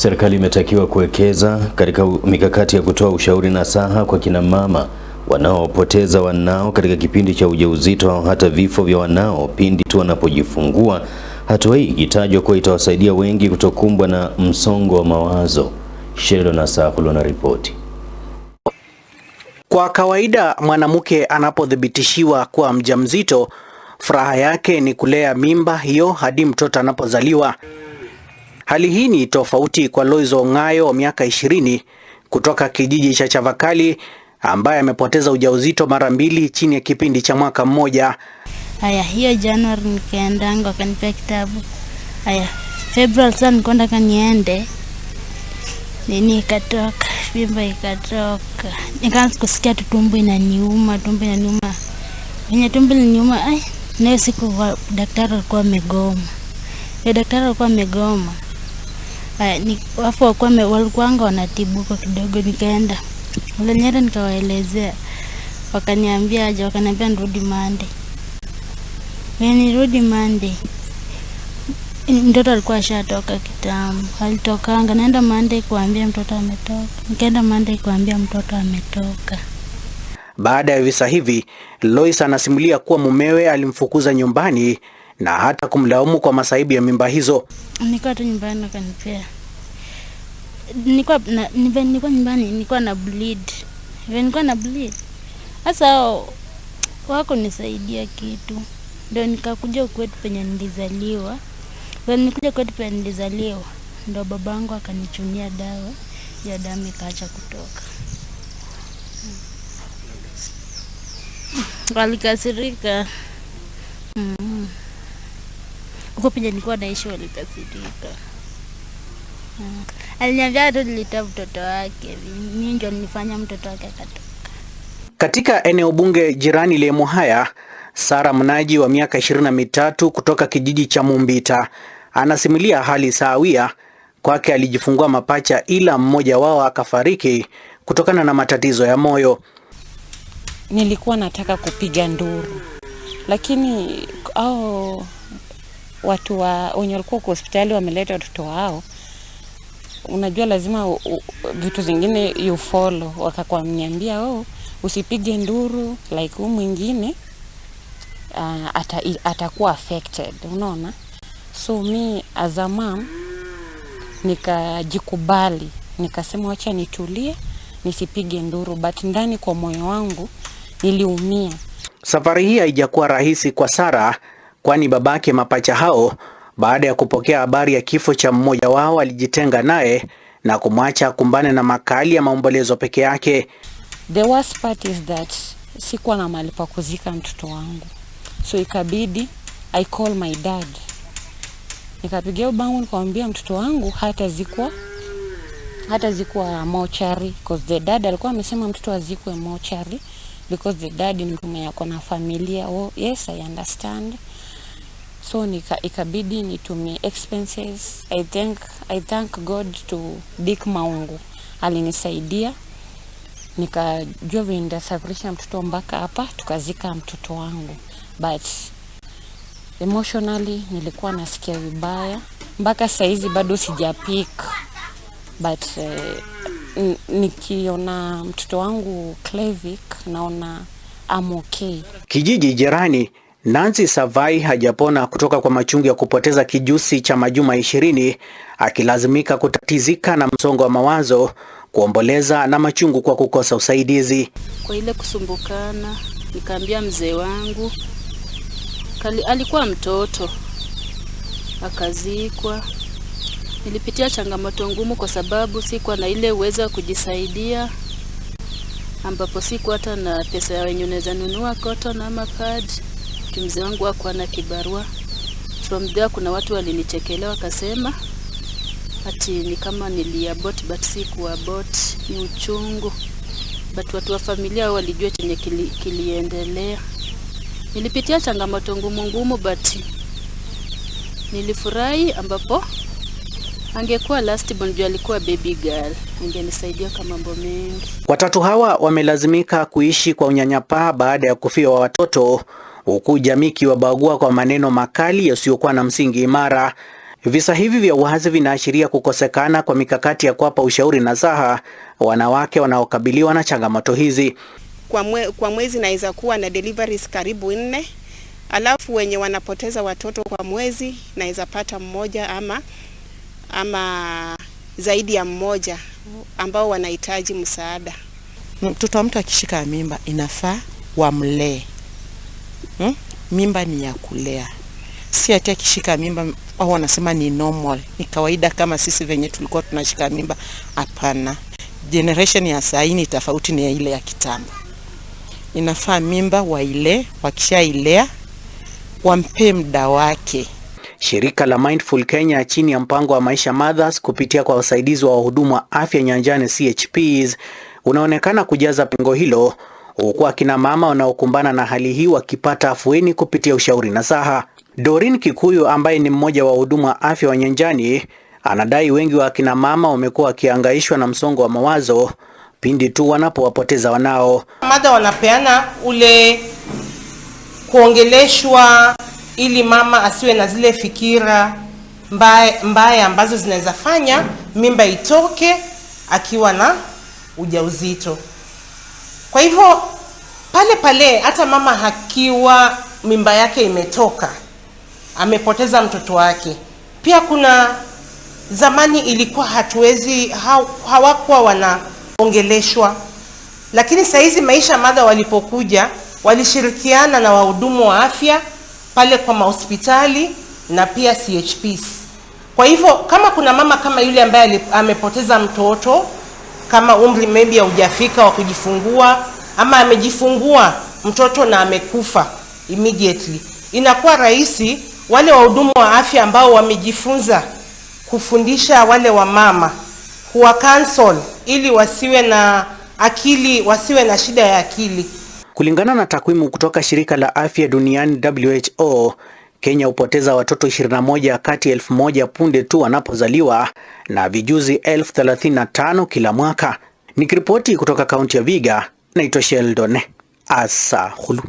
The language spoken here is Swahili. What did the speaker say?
Serikali imetakiwa kuwekeza katika mikakati ya kutoa ushauri na saha kwa kina mama wanaopoteza wanao katika kipindi cha ujauzito au hata vifo vya wanao pindi tu wanapojifungua, hatua hii ikitajwa kuwa itawasaidia wengi kutokumbwa na msongo wa mawazo. Shelo na Sahulo na ripoti. Kwa kawaida mwanamke anapothibitishiwa kuwa mjamzito, furaha yake ni kulea mimba hiyo hadi mtoto anapozaliwa. Hali hii ni tofauti kwa Lois Ong'ayo wa miaka ishirini kutoka kijiji cha Chavakali ambaye amepoteza ujauzito mara mbili chini ya kipindi cha mwaka mmoja. Haya, hiyo Januari nikaendanga wakanipea kitabu. Haya, Februari sasa nikonda kaniende nini, ikatoka vimba, ikatoka nikaanza kusikia tu tumbo inaniuma, tumbo inaniuma, wenye tumbo inaniuma. Ai, nayo siku daktari alikuwa amegoma, ya daktari alikuwa amegoma afu uh, walikuanga wanatibuka kidogo, nikaenda Olonyere nikawaelezea, wakaniambia aje, wakaniambia nirudi weni Nirudi mande. mtoto alikuwa ashatoka kitambo, alitokanga. Naenda mande kuambia mtoto ametoka, nikaenda mande kuambia mtoto ametoka. Baada ya visa hivi, Lois anasimulia kuwa mumewe alimfukuza nyumbani na hata kumlaumu kwa masaibu ya mimba hizo. Nilikuwa tu nyumbani akanipea, nilikuwa nilikuwa nyumbani, nilikuwa na bleed, nilikuwa na bleed. Sasa wako nisaidia kitu, ndio nikakuja kwetu penye nilizaliwa. nikuja kwetu penye nilizaliwa, ndio babangu akanichunia dawa ya damu ikaacha kutoka. Hmm. Walikasirika huko penye nilikuwa naishi walikasirika. Hmm. Aliniambia tu nilitoa mtoto wake, mimi ndio nilifanya mtoto wake akatoka. Katika eneo bunge jirani lemo Muhaya, Sara Mnaji wa miaka ishirini na mitatu kutoka kijiji cha Mumbita anasimulia hali sawia. Kwake alijifungua mapacha ila mmoja wao akafariki kutokana na matatizo ya moyo. Nilikuwa nataka kupiga nduru lakini au oh watu wa wenye walikuwa kwa hospitali wameleta watoto wao, unajua lazima u, u, vitu zingine you follow. Wakakwamniambia oh, usipige nduru like huu mwingine uh, ata, atakuwa affected, unaona. So mi as a mom nikajikubali, nikasema wacha nitulie, nisipige nduru, but ndani kwa moyo wangu niliumia. Safari hii haijakuwa rahisi kwa Sara kwani babake mapacha hao baada ya kupokea habari ya kifo cha mmoja wao alijitenga naye na kumwacha kumbane na makali ya maombolezo peke yake. The worst part is that sikuwa na mahali pa kuzika mtoto wangu, so ikabidi I call my dad, nikapigia ubangu, nikamwambia mtoto wangu hata zikwa hata zikwa mochari because the dad alikuwa amesema mtoto azikwe mochari because the dad ni mtu mwenye ako na familia. Oh, yes I understand so nika, ikabidi nitumie expenses. I thank, I thank God to Dick Maungu alinisaidia nikajua vile nitasafirisha mtoto mpaka hapa tukazika mtoto wangu, but emotionally nilikuwa nasikia vibaya mpaka saizi bado sijapika, but uh, nikiona mtoto wangu Clevic naona I'm okay. Kijiji jirani Nancy Savai hajapona kutoka kwa machungu ya kupoteza kijusi cha majuma ishirini akilazimika kutatizika na msongo wa mawazo, kuomboleza na machungu kwa kukosa usaidizi. Kwa ile kusumbukana, nikaambia mzee wangu Kali, alikuwa mtoto akazikwa. Nilipitia changamoto ngumu kwa sababu sikuwa na ile uwezo wa kujisaidia, ambapo sikuwa hata na pesa ya wenye unaweza nunua cotton ama pad mzee wangu hakuwa na kibarua. From there kuna watu walinichekelea wakasema ati ni kama niliabort but si kuabort, ni uchungu. But watu wa familia walijua chenye kili, kiliendelea. Nilipitia changamoto ngumu ngumu, but nilifurahi ambapo angekuwa last born juu alikuwa baby girl, angenisaidia kwa mambo mengi. Watatu hawa wamelazimika kuishi kwa unyanyapaa baada ya kufiwa watoto huku jamii ikiwabagua kwa maneno makali yasiyokuwa na msingi imara. Visa hivi vya uhazi vinaashiria kukosekana kwa mikakati ya kuwapa ushauri na saha wanawake wanaokabiliwa na changamoto hizi. Kwa, mwe, kwa mwezi naweza kuwa na deliveries karibu nne, alafu wenye wanapoteza watoto kwa mwezi naweza pata mmoja ama, ama zaidi ya mmoja ambao wanahitaji msaada. Mtoto wa mtu akishika mimba inafaa wamlee hmm? Mimba ni ya kulea, si hati akishika mimba au wanasema ni normal, ni kawaida kama sisi venye tulikuwa tunashika mimba. Hapana, generation ya saa ni tofauti na ile ya kitambo. Inafaa mimba wailee wakishailea wampe muda wake. Shirika la Mindful Kenya chini ya mpango wa Maisha Mothers kupitia kwa wasaidizi wa wahudumu wa afya nyanjani CHPs unaonekana kujaza pengo hilo huku akina mama wanaokumbana na hali hii wakipata afueni kupitia ushauri na saha. dorin Kikuyu ambaye ni mmoja wa wahudumu wa afya wa nyanjani anadai wengi wa akina mama wamekuwa wakihangaishwa na msongo wa mawazo pindi tu wanapowapoteza wanao. Mada wanapeana ule kuongeleshwa ili mama asiwe na zile fikira mbaya, mbaya ambazo zinaweza fanya mimba itoke akiwa na ujauzito. Kwa hivyo pale pale hata mama hakiwa mimba yake imetoka, amepoteza mtoto wake. Pia kuna zamani ilikuwa hatuwezi hawakuwa wanaongeleshwa, lakini sahizi Maisha madha walipokuja walishirikiana na wahudumu wa afya pale kwa mahospitali na pia CHPs. Kwa hivyo kama kuna mama kama yule ambaye amepoteza mtoto kama umri maybe haujafika wa kujifungua ama amejifungua mtoto na amekufa immediately, inakuwa rahisi wale wahudumu wa afya ambao wamejifunza kufundisha wale wamama kuwa counsel ili wasiwe na akili, wasiwe na shida ya akili. Kulingana na takwimu kutoka shirika la afya duniani WHO, Kenya hupoteza watoto 21 kati ya elfu moja punde tu wanapozaliwa na vijuzi elfu 35 kila mwaka. Nikiripoti kutoka kaunti ya Viga, naitwa Sheldon Asa Hulu.